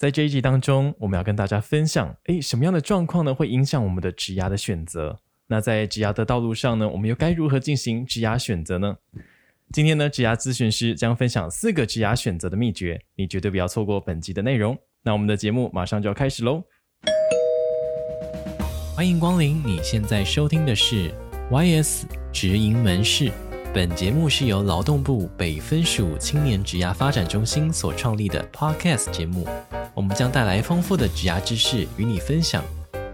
在這一集當中，我們要跟大家分享，誒什麼樣的狀況呢，會影響我們的職涯的選擇？那在職涯的道路上呢，我們又該如何進行職涯選擇呢？今天呢，職涯諮詢師將分享四個職涯選擇的秘訣，你絕對不要錯過本集的內容。那我們的節目馬上就要開始嘍，歡迎光臨，你現在收聽的是 YS 職營門市。本節目是由勞動部北分署青年職涯發展中心所創立的 Podcast 節目，我們將帶來豐富的職涯知識與你分享，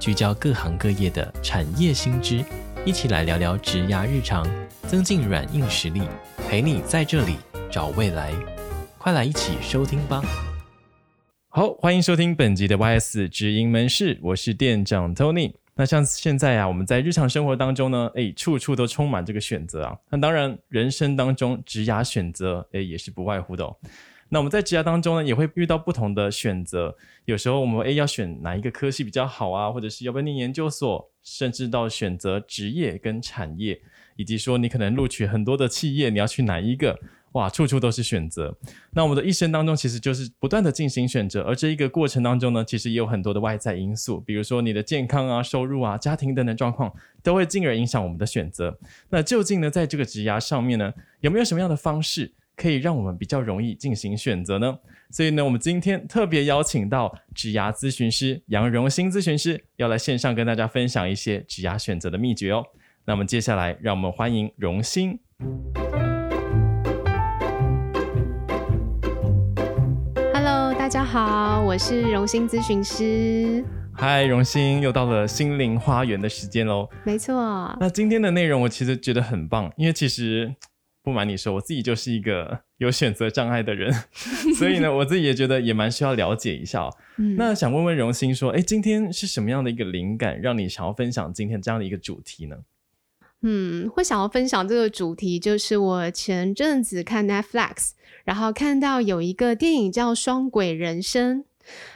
聚焦各行各業的產業新知，一起來聊聊職涯日常，增進軟硬實力，陪你在這裡找未來。快來一起收聽吧！好，歡迎收聽本集的 YS 職營門市，我是店長 Tony。那像現在啊，我們在日常生活當中呢，哎，處處都充滿這個選擇啊。那當然，人生當中職涯選擇，哎，也是不外乎的哦。那我們在職涯當中呢，也會遇到不同的選擇。有時候我們哎要選哪一個科系比較好啊，或者是要不要念研究所，甚至到選擇職業跟產業，以及說你可能錄取很多的企業，你要去哪一個。哇，處處都是選擇。那我們的一生當中，其實就是不斷的進行選擇，而這一個過程當中呢，其實也有很多的外在因素，比如說你的健康啊、收入啊、家庭等等狀況，都會進而影響我們的選擇。那究竟呢，在這個職涯上面呢，有沒有什麼樣的方式可以讓我們比較容易進行選擇呢？所以呢，我們今天特別邀請到職涯諮詢師楊榕炘諮詢師，要來線上跟大家分享一些職涯選擇的秘訣哦、喔。那麼接下來，讓我們歡迎榕炘。大家好，我是榕炘諮詢師。嗨，榕炘，又到了心靈花園的時間嘍。沒錯，那今天的內容我其實覺得很棒，因為其實不瞞你說，我自己就是一個有選擇障礙的人， 所以呢，我自己也覺得也蠻需要了解一下 那想問問榕炘說，哎、欸，今天是什麼樣的一個靈感讓你想要分享今天這樣的一個主題呢？嗯，會想要分享這個主題，就是我前陣子看 Netflix，然後看到有一個電影叫《雙軌人生》。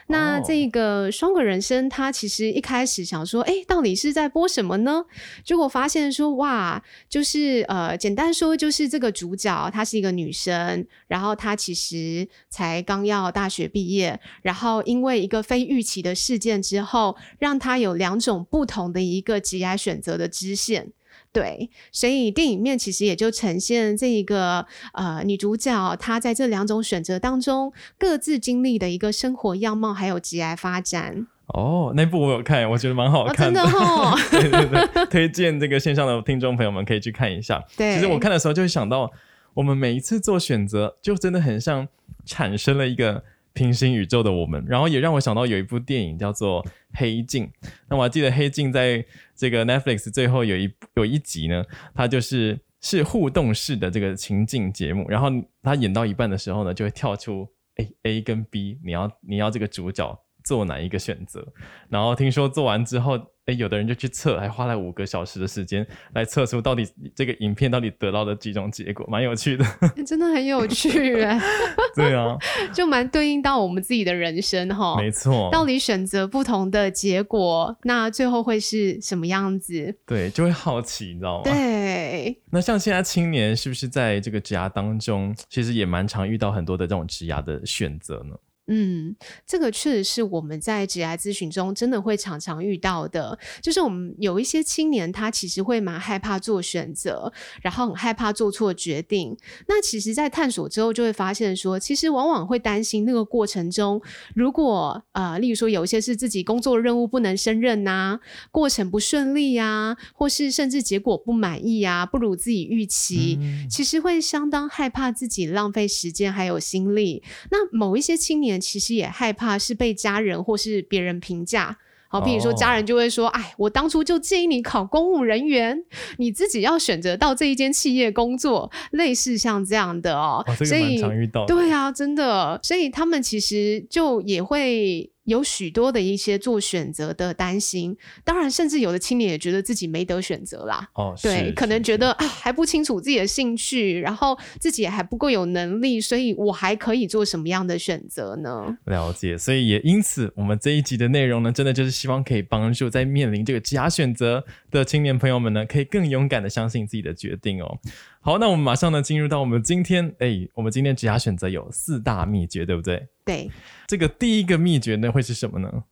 那這個《雙軌人生》Oh，它其實一開始想說，誒、欸，到底是在播什麼呢？結果發現說，哇，就是呃，簡單說，就是這個主角她是一個女生，然後她其實才剛要大學畢業，然後因為一個非預期的事件之後，讓她有兩種不同的一個職業選擇的支線。對，所以電影面其實也就呈現這一個呃女主角，她在這兩種選擇當中各自經歷的一個生活樣貌，還有職涯發展。哦，那部我有看，我覺得蠻好看的哦，真的哦 對對對，推薦這個線上的聽眾朋友們可以去看一下。 對，其實我看的時候就會想到，我們每一次做選擇，就真的很像產生了一個，平行宇宙的我們，然後也讓我想到有一部電影叫做《黑鏡》。那我還記得《黑鏡》在這個 Netflix 最後有一有一集呢，它就是是互動式的這個情境節目。然後它演到一半的時候呢，就會跳出 A A 跟 B，你要你要這個主角，做哪一個選擇？然後聽說做完之後誒，有的人就去測，還花了五個小時的時間來測出到底這個影片到底得到的幾種結果，蠻有趣的。欸、真的很有趣， 對啊，就蠻對應到我們自己的人生哈、哦。沒錯，到底選擇不同的結果，那最後會是什麼樣子？對，就會好奇，你知道嗎？對。那像現在青年是不是在這個職涯當中，其實也蠻常遇到很多的這種職涯的選擇呢？嗯，這個確實是我們在職涯諮詢中真的會常常遇到的，就是我們有一些青年，他其實會蠻害怕做選擇，然後很害怕做錯決定。那其實，在探索之後，就會發現說，其實往往會擔心那個過程中，如果呃，例如說有一些是自己工作任務不能勝任吶、啊，過程不順利呀、啊，或是甚至結果不滿意呀、啊，不如自己預期、嗯，其實會相當害怕自己浪費時間還有心力。那某一些青年。其實也害怕是被家人或是別人評價，好，比如說家人就會說：“哎、哦，我當初就建議你考公務人員，你自己要選擇到這一間企業工作，類似像這樣的哦、喔。”這個的，所以蠻常遇到，對啊，真的，所以他們其實就也會有許多的一些做選擇的擔心，當然，甚至有的青年也覺得自己沒得選擇啦。哦，對，可能覺得啊還不清楚自己的興趣，然後自己也還不夠有能力，所以我還可以做什麼樣的選擇呢？了解，所以也因此，我們這一集的內容呢，真的就是希望可以幫助在面臨這個假選擇的青年朋友們呢，可以更勇敢的相信自己的決定哦。好，那我們馬上呢，進入到我們今天，哎，我們今天職涯選擇有四大秘訣，對不對？對，這個第一個秘訣呢，會是什麼呢？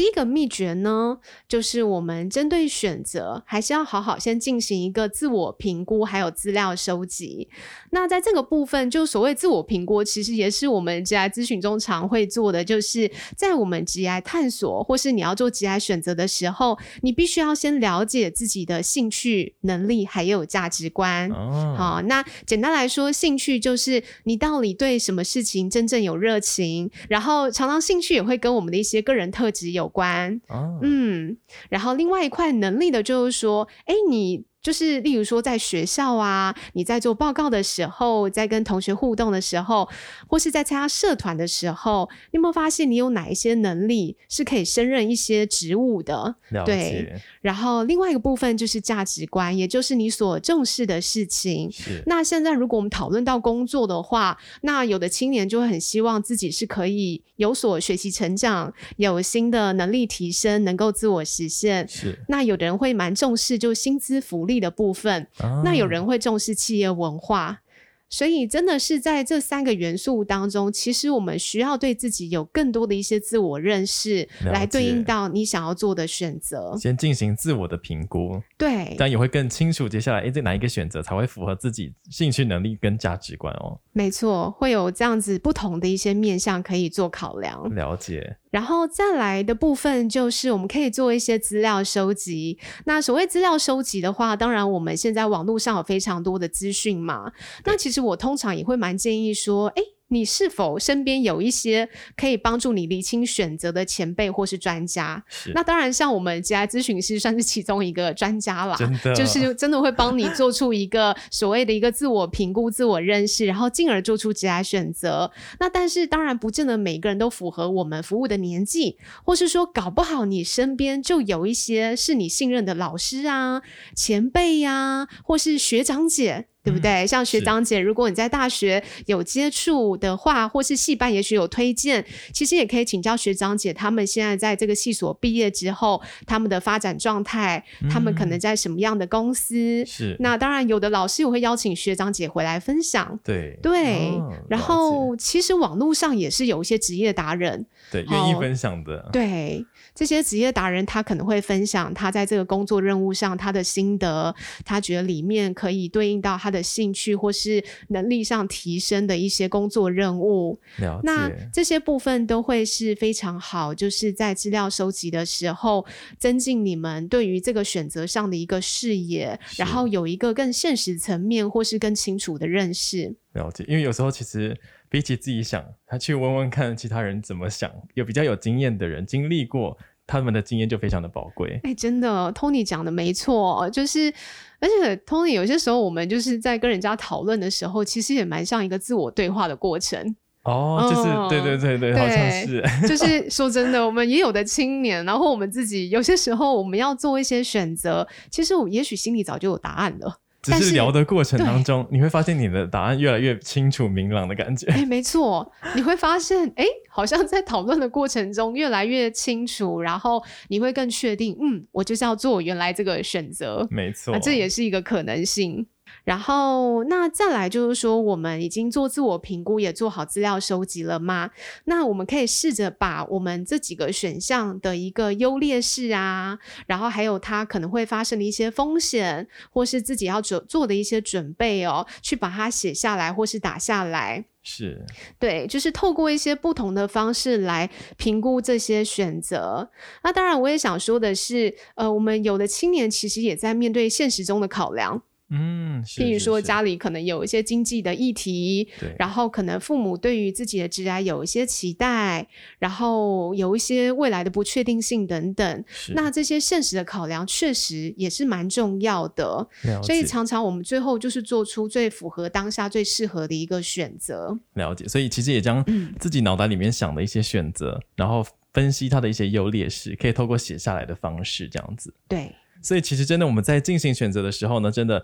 第一個秘訣呢，就是我們針對選擇，還是要好好先進行一個自我評估，還有資料收集。那在這個部分，就所謂自我評估，其實也是我們吉 I 諮詢中常會做的，就是在我們吉 I 探索或是你要做吉 I 選擇的時候，你必須要先了解自己的興趣、能力還有價值觀。Oh. 好，那簡單來說，興趣就是你到底對什麼事情真正有熱情，然後常常興趣也會跟我們的一些個人特質有關。關，嗯，嗯、啊，然後另外一塊能力的就是說，哎，你。就是，例如說，在學校啊，你在做報告的時候，在跟同學互動的時候，或是在參加社團的時候，你有沒有發現你有哪一些能力是可以勝任一些職務的？了解。對。然後，另外一個部分就是價值觀，也就是你所重視的事情。是。那現在，如果我們討論到工作的話，那有的青年就會很希望自己是可以有所學習成長，有新的能力提升，能夠自我實現。是。那有的人會蠻重視，就薪資福利。力的部分，oh, 那有人會重視企業文化。所以真的是在這三個元素當中，其實我們需要對自己有更多的一些自我認識，來對應到你想要做的選擇。先進行自我的評估，對，但也會更清楚接下來哎、欸，這哪一個選擇才會符合自己興趣、能力跟價值觀哦？沒錯，會有這樣子不同的一些面向可以做考量。了解。然後再來的部分就是我們可以做一些資料收集。那所謂資料收集的話，當然我們現在網絡上有非常多的資訊嘛，那其實。我通常也會蠻建議說，哎、欸，你是否身邊有一些可以幫助你釐清選擇的前輩或是專家？是。那當然，像我們職涯諮詢師算是其中一個專家啦，真的，就是真的會幫你做出一個所謂的一個自我評估、 自我認識，然後進而做出職涯選擇。那但是，當然不見得每一個人都符合我們服務的年紀，或是說搞不好你身邊就有一些是你信任的老師啊、前輩呀、啊，或是學長姐。對不對？像學長姐，如果你在大學有接觸的話，或是系辦也許有推薦，其實也可以請教學長姐，他們現在在這個系所畢業之後，他們的發展狀態，他們可能在什麼樣的公司？嗯、是。那當然，有的老師也會邀請學長姐回來分享。對對、哦，然後其實網絡上也是有一些職業達人，對願意分享的，哦、對。這些職業達人，他可能會分享他在這個工作任務上他的心得，他覺得裡面可以對應到他的興趣或是能力上提升的一些工作任務。了解，那這些部分都會是非常好，就是在資料收集的時候，增進你們對於這個選擇上的一個視野，然後有一個更現實層面或是更清楚的認識。了解，因為有時候其實比起自己想，他去問問看其他人怎麼想，有比較有經驗的人經歷過。他們的經驗就非常的寶貴。哎、欸，真的，Tony 講的沒錯，就是，而且 Tony 有些時候我們就是在跟人家討論的時候，其實也蠻像一個自我對話的過程。哦，就是，哦、對對對對，對，好像是。就是 說真的，我們也有的青年，然後我們自己有些時候我們要做一些選擇，其實我也許心裡早就有答案了。只是聊的過程當中，你會發現你的答案越來越清楚明朗的感覺、欸。哎，沒錯，你會發現，哎、欸，好像在討論的過程中越來越清楚，然後你會更確定，嗯，我就是要做原來這個選擇。沒錯、啊，這也是一個可能性。然後，那再來就是說，我們已經做自我評估，也做好資料收集了嗎？那我們可以試着把我們這幾個選項的一個優劣勢啊，然後還有它可能會發生的一些風險，或是自己要做做的一些準備哦，去把它寫下來，或是打下來。是，對，就是透過一些不同的方式來評估這些選擇。那當然，我也想說的是，呃，我們有的青年其實也在面對現實中的考量。嗯，是是是，譬如說家裡可能有一些經濟的議題，然後可能父母對於自己的職涯有一些期待，然後有一些未來的不確定性等等，那這些現實的考量確實也是蠻重要的。所以常常我們最後就是做出最符合當下、最適合的一個選擇。了解。所以其實也將自己腦袋裡面想的一些選擇，嗯，然後分析它的一些優劣勢，可以透過寫下來的方式這樣子。對。所以其實真的，我們在進行選擇的時候呢，真的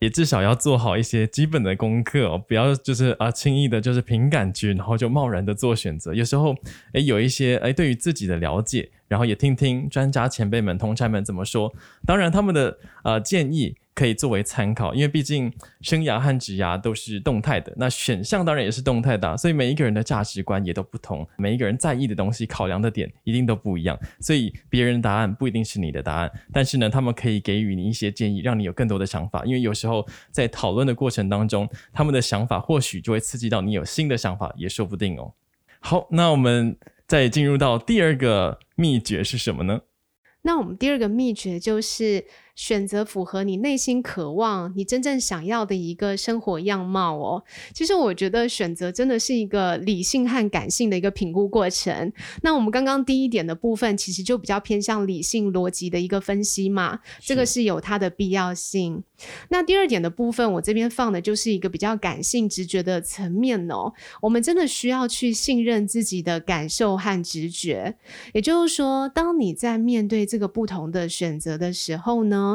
也至少要做好一些基本的功課，哦，不要就是啊輕易的就是憑感覺，然後就貿然的做選擇。有時候哎有一些哎對於自己的了解，然後也聽聽專家前輩們，同儕們怎麼說。當然他們的啊、呃、建議。可以作為參考，因為畢竟生涯和職涯都是動態的，那選項當然也是動態的啊，所以每一個人的價值觀也都不同，每一個人在意的東西、考量的點一定都不一樣，所以別人的答案不一定是你的答案，但是呢，他們可以給予你一些建議，讓你有更多的想法，因為有時候在討論的過程當中，他們的想法或許就會刺激到你有新的想法，也說不定哦。好，那我們再進入到第二個秘訣是什麼呢？那我們第二個秘訣就是。選擇符合你內心渴望，你真正想要的一個生活樣貌哦。其實我覺得選擇真的是一個理性和感性的一個評估過程。那我們剛剛第一點的部分，其實就比較偏向理性邏輯的一個分析嘛，這個是有它的必要性。那第二點的部分，我這邊放的就是一個比較感性直覺的層面哦。我們真的需要去信任自己的感受和直覺。也就是說，當你在面對這個不同的選擇的時候呢，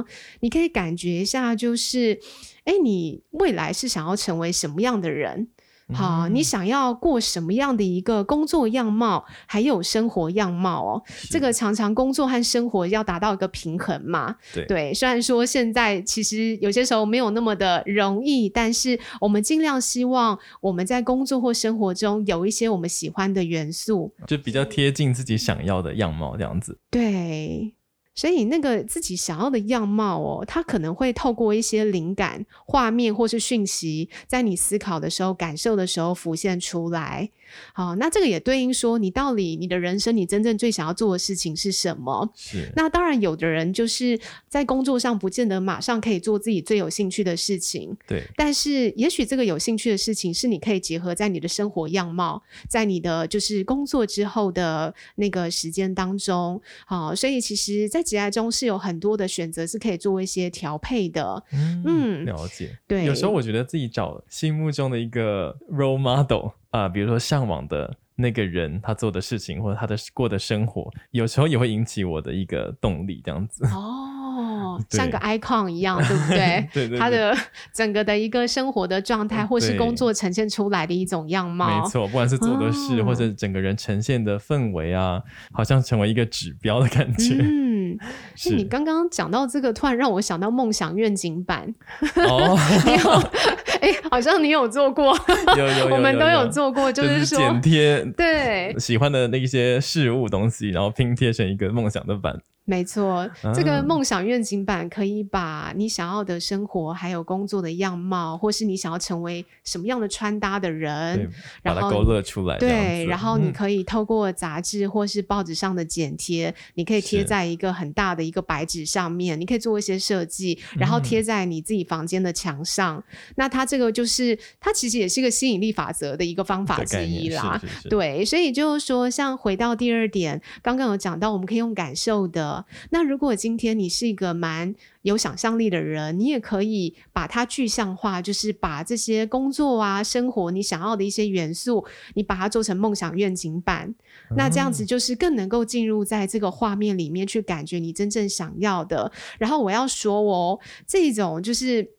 你可以感覺一下，就是，哎，你未來是想要成為什麼樣的人？好、嗯啊，你想要過什麼樣的一個工作樣貌，還有生活樣貌哦？這個常常工作和生活要達到一個平衡嘛。對。對，雖然說現在其實有些時候沒有那麼的容易，但是我們盡量希望我們在工作或生活中有一些我們喜歡的元素，就比較貼近自己想要的樣貌這樣子。對。所以那個自己想要的樣貌喔，它可能會透過一些靈感、畫面或是訊息，在你思考的時候、感受的時候浮現出來。好，那這個也對應說，你到底你的人生，你真正最想要做的事情是什麼？是。那當然，有的人就是在工作上不見得馬上可以做自己最有興趣的事情。對。但是，也許這個有興趣的事情，是你可以結合在你的生活樣貌，在你的就是工作之後的那個時間當中。好，所以其實，在職涯中是有很多的選擇，是可以做一些調配的。嗯。嗯，了解。對，有時候我覺得自己找心目中的一個 role model 啊、呃，比如說嚮往的那個人，他做的事情或者他的過的生活，有時候也會引起我的一個動力。這樣子哦，像個 icon 一樣，對不對？ 對，對，對對。他的整個的一個生活的狀態、嗯，或是工作呈現出來的一種樣貌，沒錯。不管是做的事、哦，或者整個人呈現的氛圍啊，好像成為一個指標的感覺。嗯。是、嗯、你剛剛講到這個，突然讓我想到夢想願景版。Oh. 然後 哎、欸，好像你有做過，有有有有有 我們都有做過，有有有就是說剪貼，對，喜歡的那些事物東西，然後拼貼成一個夢想的版。沒錯、啊，這個夢想願景版可以把你想要的生活，還有工作的樣貌，或是你想要成為什麼樣的穿搭的人，然後把它勾勒出來。對，然後你可以透過雜誌或是報紙上的剪貼、嗯，你可以貼在一個很大的一個白紙上面，你可以做一些設計、嗯，然後貼在你自己房間的牆上、嗯。那它。這個就是它，其實也是一個吸引力法則的一個方法之一啦。是是是，對，所以就是說，像回到第二點，剛剛有講到，我們可以用感受的。那如果今天你是一個蠻有想象力的人，你也可以把它具象化，就是把這些工作啊、生活你想要的一些元素，你把它做成夢想願景版。那這樣子就是更能夠進入在這個畫面裡面去感覺你真正想要的。嗯、然後我要說，哦，這種就是。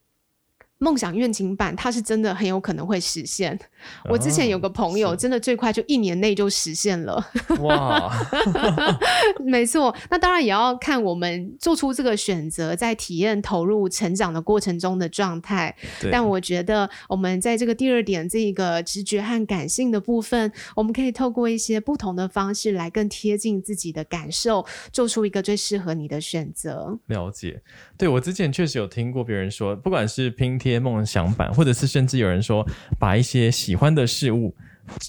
夢想願景版，它是真的很有可能會實現。哦，我之前有個朋友，真的最快就一年內就實現了。哇， 沒錯。那當然也要看我們做出這個選擇，在體驗、投入、成長的過程中的狀態。對，但我覺得，我們在這個第二點，這個直覺和感性的部分，我們可以透過一些不同的方式來更貼近自己的感受，做出一個最適合你的選擇。了解。對，我之前確實有聽過別人說，不管是拼貼。夢想版，或者是甚至有人說，把一些喜歡的事物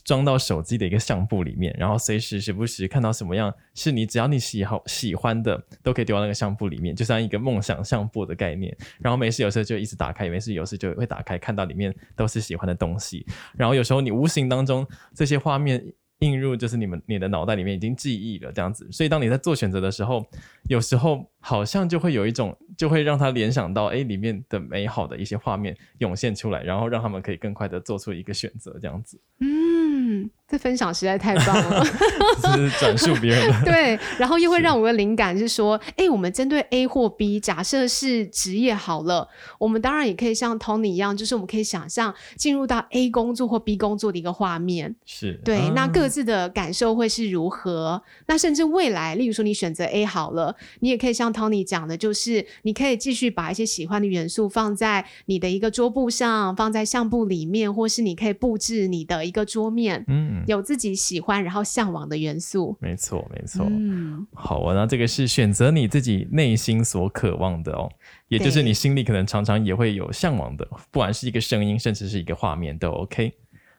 裝到手機的一個相簿裡面，然後隨時時不時看到什麼樣是你只要你喜好喜歡的都可以丟到那個相簿裡面，就像一個夢想相簿的概念。然後沒事有時候就一直打開，沒事有事就會打開，看到裡面都是喜歡的東西。然後有時候你無形當中這些畫面映入就是你們你的腦袋裡面已經記憶了這樣子。所以當你在做選擇的時候，有時候。好像就會有一種，就會讓他聯想到，a、欸、裡面的美好的一些畫面湧現出來，然後讓他們可以更快的做出一個選擇，這樣子。嗯，這分享實在太棒了， 是轉述別人的。 對，然後又會讓我的靈感是說，哎、欸，我們針對 A 或 B，假設是職業好了，我們當然也可以像 Tony 一樣，就是我們可以想象進入到 A 工作或 B 工作的一個畫面，是對、嗯，那各自的感受會是如何？那甚至未來，例如說你選擇 A 好了，你也可以像。Tony 講的就是，你可以繼續把一些喜歡的元素放在你的一個桌布上，放在相簿裡面，或是你可以布置你的一個桌面，嗯，有自己喜歡然後嚮往的元素。沒錯，沒錯。嗯，好啊，那這個是選擇你自己內心所渴望的哦，也就是你心裡可能常常也會有嚮往的，不管是一個聲音，甚至是一個畫面都 OK。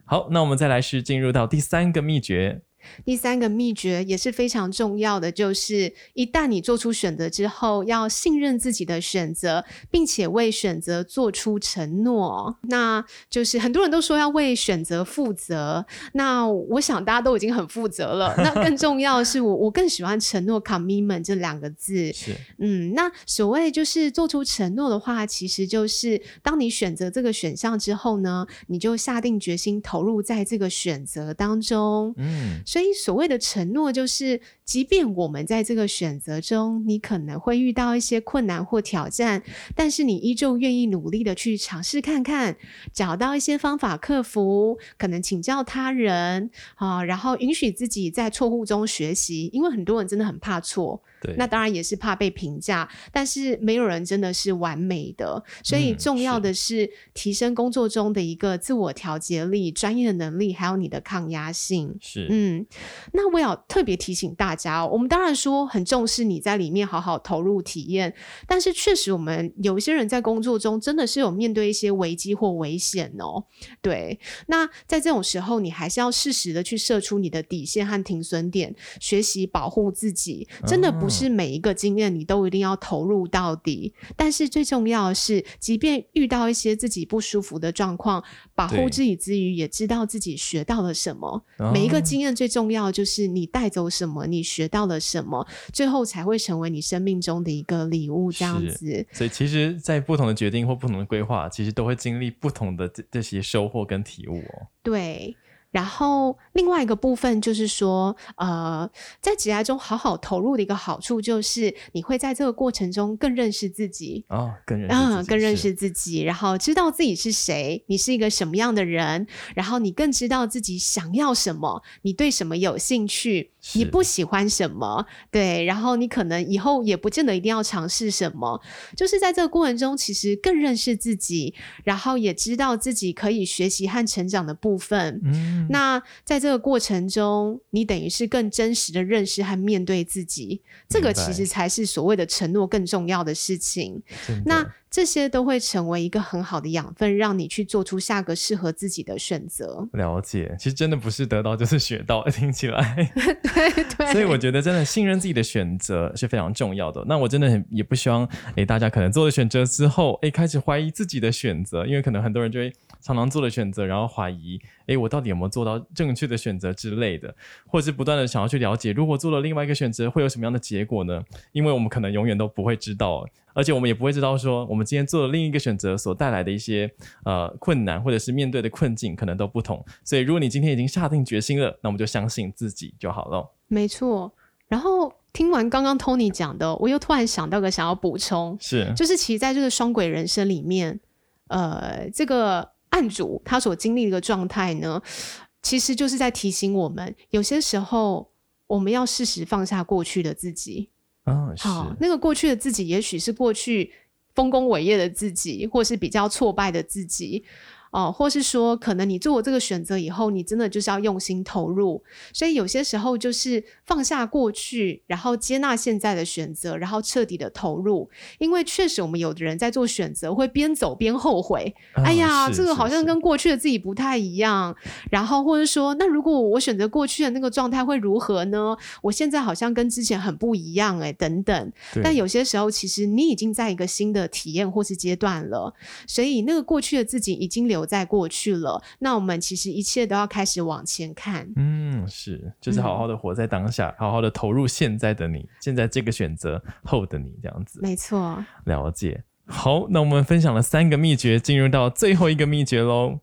好，那我們再來是進入到第三個秘訣。第三個秘訣也是非常重要的，就是一旦你做出選擇之後，要信任自己的選擇，並且為選擇做出承諾。那就是很多人都說要為選擇負責，那我想大家都已經很負責了。那更重要的是我，我 我更喜歡承諾 （commitment） 這兩個字。是，嗯，那所謂就是做出承諾的話，其實就是當你選擇這個選項之後呢，你就下定決心投入在這個選擇當中。嗯。所以，所謂的承諾就是。即便我們在這個選擇中，你可能會遇到一些困難或挑戰，但是你依舊願意努力的去嘗試看看，找到一些方法克服，可能請教他人啊，然後允許自己在錯誤中學習，因為很多人真的很怕錯，對，那當然也是怕被評價，但是沒有人真的是完美的，所以重要的是提升工作中的一個自我調節力、專業的能力，還有你的抗壓性。是，嗯，那我要特別提醒大家。家，我們當然說很重視你在裡面好好投入體驗，但是確實我們有一些人在工作中真的是有面對一些危機或危險哦、喔。對，那在這種時候，你還是要適時的去設出你的底線和停損點，學習保護自己。真的不是每一個經驗你都一定要投入到底，但是最重要的是，即便遇到一些自己不舒服的狀況。保護自己之餘，也知道自己學到了什麼。哦、每一個經驗最重要就是你帶走什麼，你學到了什麼，最後才會成為你生命中的一個禮物。這樣子，所以其實，在不同的決定或不同的規劃，其實都會經歷不同的這這些收穫跟體悟哦、喔。對。然後另外一個部分就是說，呃，在職涯中好好投入的一個好處就是，你會在這個過程中更認識自己啊、哦，更認識自己，嗯，更認識自己，然後知道自己是誰，你是一個什麼樣的人，然後你更知道自己想要什麼，你對什麼有興趣。你不喜歡什麼？對，然後你可能以後也不見得一定要嘗試什麼。就是在這個過程中，其實更認識自己，然後也知道自己可以學習和成長的部分。嗯，那在這個過程中，你等於是更真實的認識和面對自己。這個其實才是所謂的承諾更重要的事情。那。這些都會成為一個很好的養分，讓你去做出下個適合自己的選擇。了解，其實真的不是得到就是學到，聽起來。 對對。所以我覺得，真的信任自己的選擇是非常重要的。那我真的很也不希望，誒、欸，大家可能做了選擇之後，誒、欸，開始懷疑自己的選擇，因為可能很多人就會常常做了選擇，然後懷疑，誒、欸，我到底有沒有做到正確的選擇之類的，或者是不斷的想要去了解，如果做了另外一個選擇，會有什麼樣的結果呢？因為我們可能永遠都不會知道。而且我們也不會知道，說我們今天做了另一個選擇，所帶來的一些呃困難，或者是面對的困境，可能都不同。所以，如果你今天已經下定決心了，那我們就相信自己就好咯。沒錯。然後聽完剛剛 Tony 講的，我又突然想到個想要補充，是，就是其實，在這個雙軌人生裡面，呃，這個案主他所經歷的一個狀態呢，其實就是在提醒我們，有些時候我們要適時放下過去的自己。好、oh, 哦，那個過去的自己，也許是過去豐功偉業的自己，或是比較挫敗的自己。哦，或是說，可能你做了這個選擇以後，你真的就是要用心投入。所以有些時候就是放下過去，然後接納現在的選擇，然後徹底的投入。因為確實，我們有的人在做選擇會邊走邊後悔。哦、哎呀，這個好像跟過去的自己不太一樣。然後，或者說，那如果我選擇過去的那個狀態會如何呢？我現在好像跟之前很不一樣、欸，哎，等等。但有些時候，其實你已經在一個新的體驗或是階段了。所以，那個過去的自己已經留在過去了，那我們其實一切都要開始往前看。嗯，是，就是好好的活在當下，嗯、好好的投入現在的你，現在這個選擇後的你這樣子。沒錯，了解。好，那我們分享了三個秘訣，進入到最後一個秘訣嘍。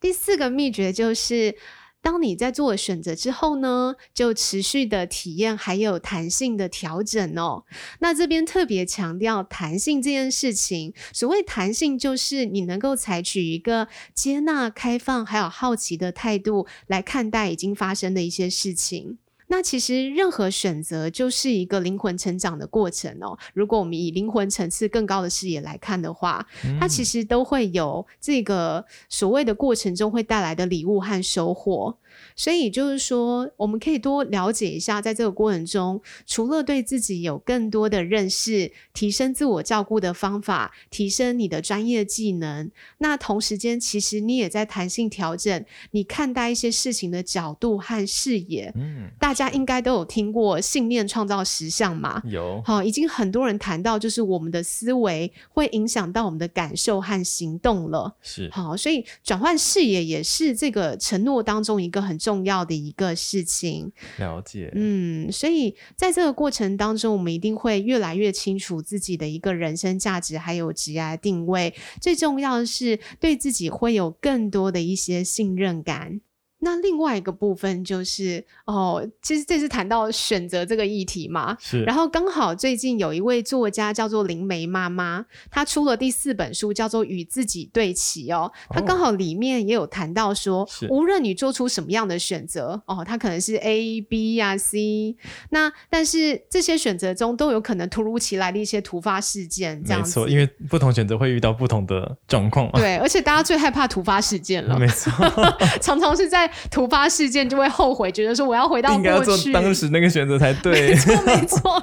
第四個秘訣就是。當你在做了選擇之後呢，就持續的體驗還有彈性的調整哦。那這邊特別強調彈性這件事情，所謂彈性就是你能夠採取一個接納、開放還有好奇的態度來看待已經發生的一些事情。那其實任何選擇就是一個靈魂成長的過程哦、喔。如果我們以靈魂層次更高的視野來看的話，嗯、它其實都會有這個所謂的過程中會帶來的禮物和收穫。所以就是說，我們可以多了解一下，在這個過程中，除了對自己有更多的認識，提升自我照顧的方法，提升你的專業技能，那同時間，其實你也在彈性調整你看待一些事情的角度和視野。嗯，大家應該都有聽過“信念創造實相”嘛？有，好、哦，已經很多人談到，就是我們的思維會影響到我們的感受和行動了。是，好、哦，所以轉換視野也是這個承諾當中一個，很重要的一個事情，了解。嗯，所以在這個過程當中，我們一定會越來越清楚自己的一個人生價值，還有職業定位。最重要的是，對自己會有更多的一些信任感。那另外一個部分就是哦，其實這次談到選擇這個議題嘛，是。然後剛好最近有一位作家叫做林梅媽媽，她出了第四本書，叫做《與自己對齊》哦。她剛好裡面也有談到說，哦、無論你做出什麼樣的選擇哦，它可能是 A、B 啊、C，那但是這些選擇中都有可能突如其來的一些突發事件，這樣子。沒錯，因為不同選擇會遇到不同的狀況。對， 而且大家最害怕突發事件了。沒錯， 常常是在。突發事件就會後悔，覺得說我要回到過去，當時那個選擇才對。沒錯，沒錯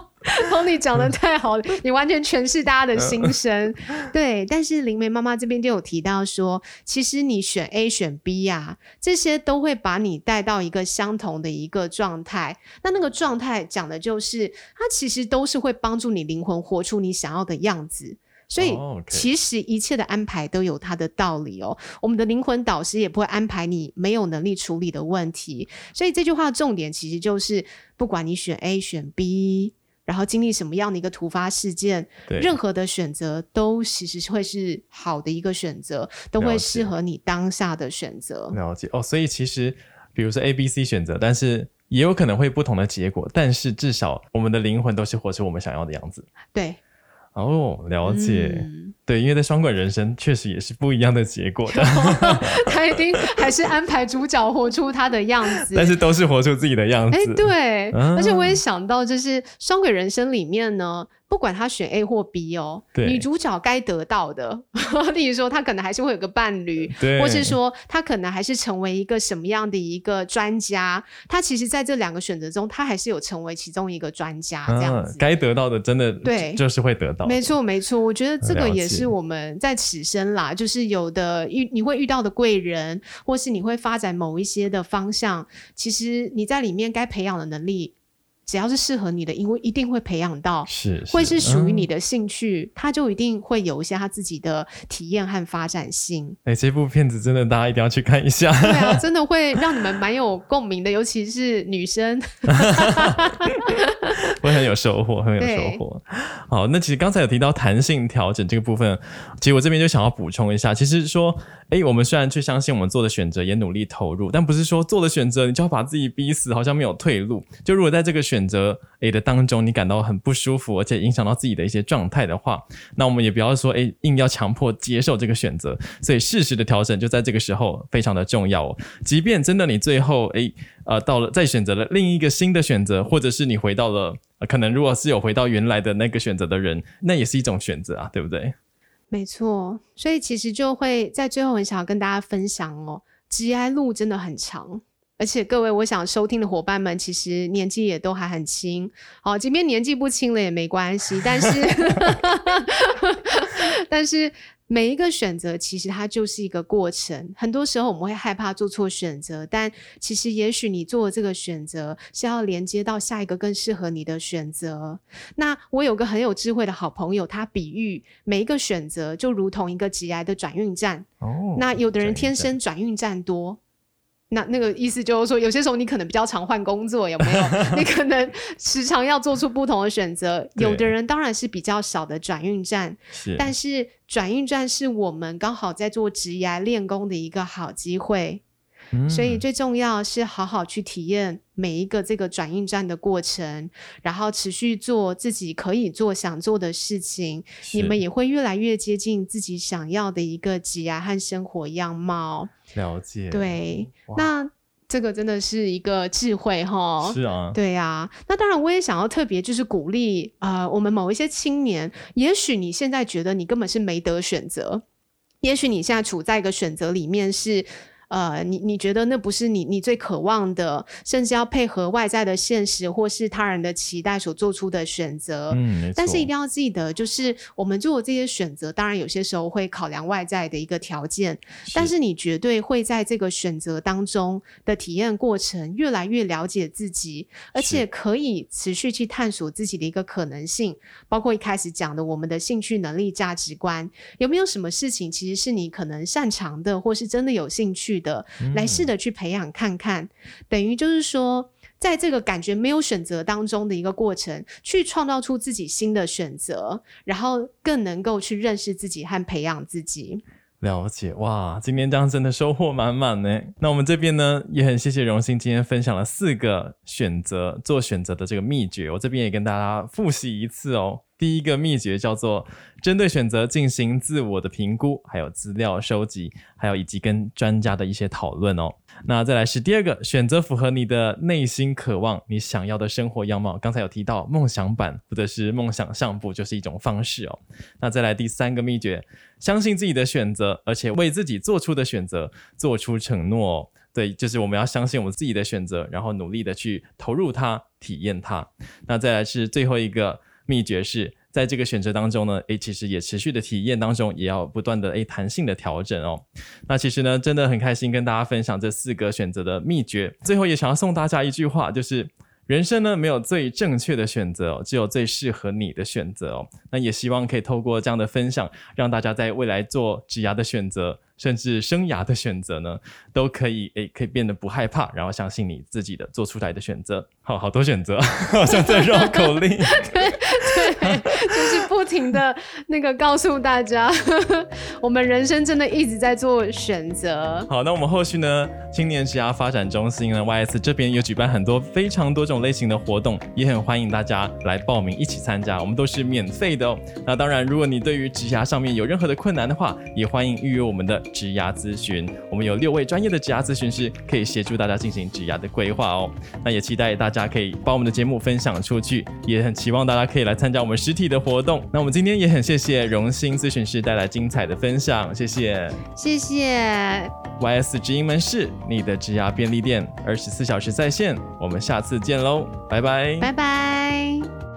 ，Tony 講得太好了， 你完全詮釋大家的心聲。 對，但是靈媒媽媽這邊就有提到說，其實你選 A 選 B 呀、啊，這些都會把你帶到一個相同的一個狀態。那那個狀態講的就是，它其實都是會幫助你靈魂活出你想要的樣子。所以，其實一切的安排都有它的道理哦。我們的靈魂導師也不會安排你沒有能力處理的問題。所以這句話的重點其實就是，不管你選 A 選 B，然後經歷什麼樣的一個突發事件，任何的選擇都其實是會是好的一個選擇，都會適合你當下的選擇。了解哦。所以其實，比如說 A、B、C 選擇，但是也有可能會不同的結果，但是至少我們的靈魂都是活出我們想要的樣子。對。哦，了解、嗯，對，因為在雙軌人生，確實也是不一樣的結果的。 他一定還是安排主角活出他的樣子， 但是都是活出自己的樣子。哎，對、啊，而且我也想到，就是雙軌人生裡面呢。不管他選 A 或 B 哦，對，女主角該得到的， 例如說他可能還是會有個伴侶，對，或是說他可能還是成為一個什麼樣的一個專家，他其實在這兩個選擇中，他還是有成為其中一個專家、啊、這樣子。該得到的真的對，就是會得到。沒錯沒錯，我覺得這個也是我們在此生啦，就是有的遇你會遇到的貴人，或是你會發展某一些的方向，其實你在裡面該培養的能力，只要是適合你的，因為一定會培養到，是，是會是屬於你的興趣、嗯，他就一定會有一些他自己的體驗和發展性。哎、欸，這部片子真的大家一定要去看一下，對啊，真的會讓你們蠻有共鳴的， 尤其是女生， 會很有收穫，很有收穫。好，那其實剛才有提到彈性調整這個部分，其實我這邊就想要補充一下，其實說，哎、欸，我們雖然去相信我們做的選擇，也努力投入，但不是說做的選擇你就要把自己逼死，好像沒有退路。就如果在這個選選擇 A 的當中，你感到很不舒服，而且影響到自己的一些狀態的話，那我們也不要說誒，硬要強迫接受這個選擇。所以適時的調整就在這個時候非常的重要哦。即便真的你最後誒呃，到了再選擇了另一個新的選擇，或者是你回到了、呃、可能如果是有回到原來的那個選擇的人，那也是一種選擇啊，對不對？沒錯，所以其實就會在最後，我很想要跟大家分享哦，職涯路真的很長。而且各位，我想收聽的夥伴們，其實年紀也都還很輕。好、哦，即便年紀不輕了也沒關係，但是 但是每一個選擇其實它就是一個過程。很多時候我們會害怕做錯選擇，但其實也許你做的這個選擇是要連接到下一個更適合你的選擇。那我有個很有智慧的好朋友，他比喻，每一個選擇就如同一個集癌的轉運站。哦，那有的人天生轉運站、哦、站多。那那個意思就是說，有些時候你可能比較常換工作，有沒有？你可能時常要做出不同的選擇。 有的人當然是比較少的轉運站，但是轉運站是我們剛好在做職涯練功的一個好機會。嗯、所以最重要是好好去體驗每一個這個轉運站的過程，然後持續做自己可以做想做的事情，你們也會越來越接近自己想要的一個職涯和生活樣貌。了解，對，那這個真的是一個智慧哈。是啊，對啊。那當然，我也想要特別就是鼓勵啊、呃，我們某一些青年，也許你現在覺得你根本是沒得選擇，也許你現在處在一個選擇裡面是。呃，你你覺得那不是你你最渴望的，甚至要配合外在的現實或是他人的期待所做出的選擇。嗯，沒錯。但是一定要記得，就是我們做這些選擇，當然有些時候會考量外在的一個條件，但是你絕對會在這個選擇當中的體驗過程，越來越了解自己，而且可以持續去探索自己的一個可能性。包括一開始講的，我們的興趣、能力、價值觀，有沒有什麼事情其實是你可能擅長的，或是真的有興趣的。的、嗯、來試着去培養看看，等於就是說，在這個感覺沒有選擇當中的一個過程，去創造出自己新的選擇，然後更能夠去認識自己和培養自己。了解，哇，今天這樣真的收穫滿滿呢。那我們這邊呢，也很謝謝榕炘今天分享了四個選擇、做選擇的這個秘訣，我這邊也跟大家複習一次哦。第一個秘訣叫做針對選擇進行自我的評估，還有資料收集，還有以及跟專家的一些討論哦。那再來是第二個，選擇符合你的內心渴望，你想要的生活樣貌。剛才有提到夢想版或者是夢想上部，就是一種方式哦。那再來第三個秘訣，相信自己的選擇，而且為自己做出的選擇做出承諾哦。對，就是我們要相信我們自己的選擇，然後努力的去投入它，體驗它。那再來是最後一個。秘訣是在這個選擇當中呢，誒，其實也持續的體驗當中，也要不斷的誒，彈性的調整哦。那其實呢，真的很開心跟大家分享這四個選擇的秘訣。最後也想要送大家一句話，就是人生呢，沒有最正確的選擇哦，只有最適合你的選擇哦。那也希望可以透過這樣的分享，讓大家在未來做職涯的選擇，甚至生涯的選擇呢，都可以誒，可以變得不害怕，然後相信你自己的做出來的選擇。好，好多選擇，好像在繞口令。 對，對 就是不停的那個告訴大家，我們人生真的一直在做選擇。好，那我們後續呢，青年職涯發展中心呢，YS 這邊有舉辦很多非常多種類型的活動，也很歡迎大家來報名一起參加，我們都是免費的哦、喔。那當然，如果你對於職涯上面有任何的困難的話，也歡迎預約我們的職涯諮詢，我們有六位專業的職涯諮詢師可以協助大家進行職涯的規劃哦。那也期待大家。大家可以把我們的節目分享出去，也很期望大家可以來參加我們實體的活動。那我們今天也很謝謝榕炘諮詢師帶來精彩的分享，謝謝，謝謝。Y S 職營門市，你的職涯便利店，二十四小時在線。我們下次見嘍，拜拜，拜拜。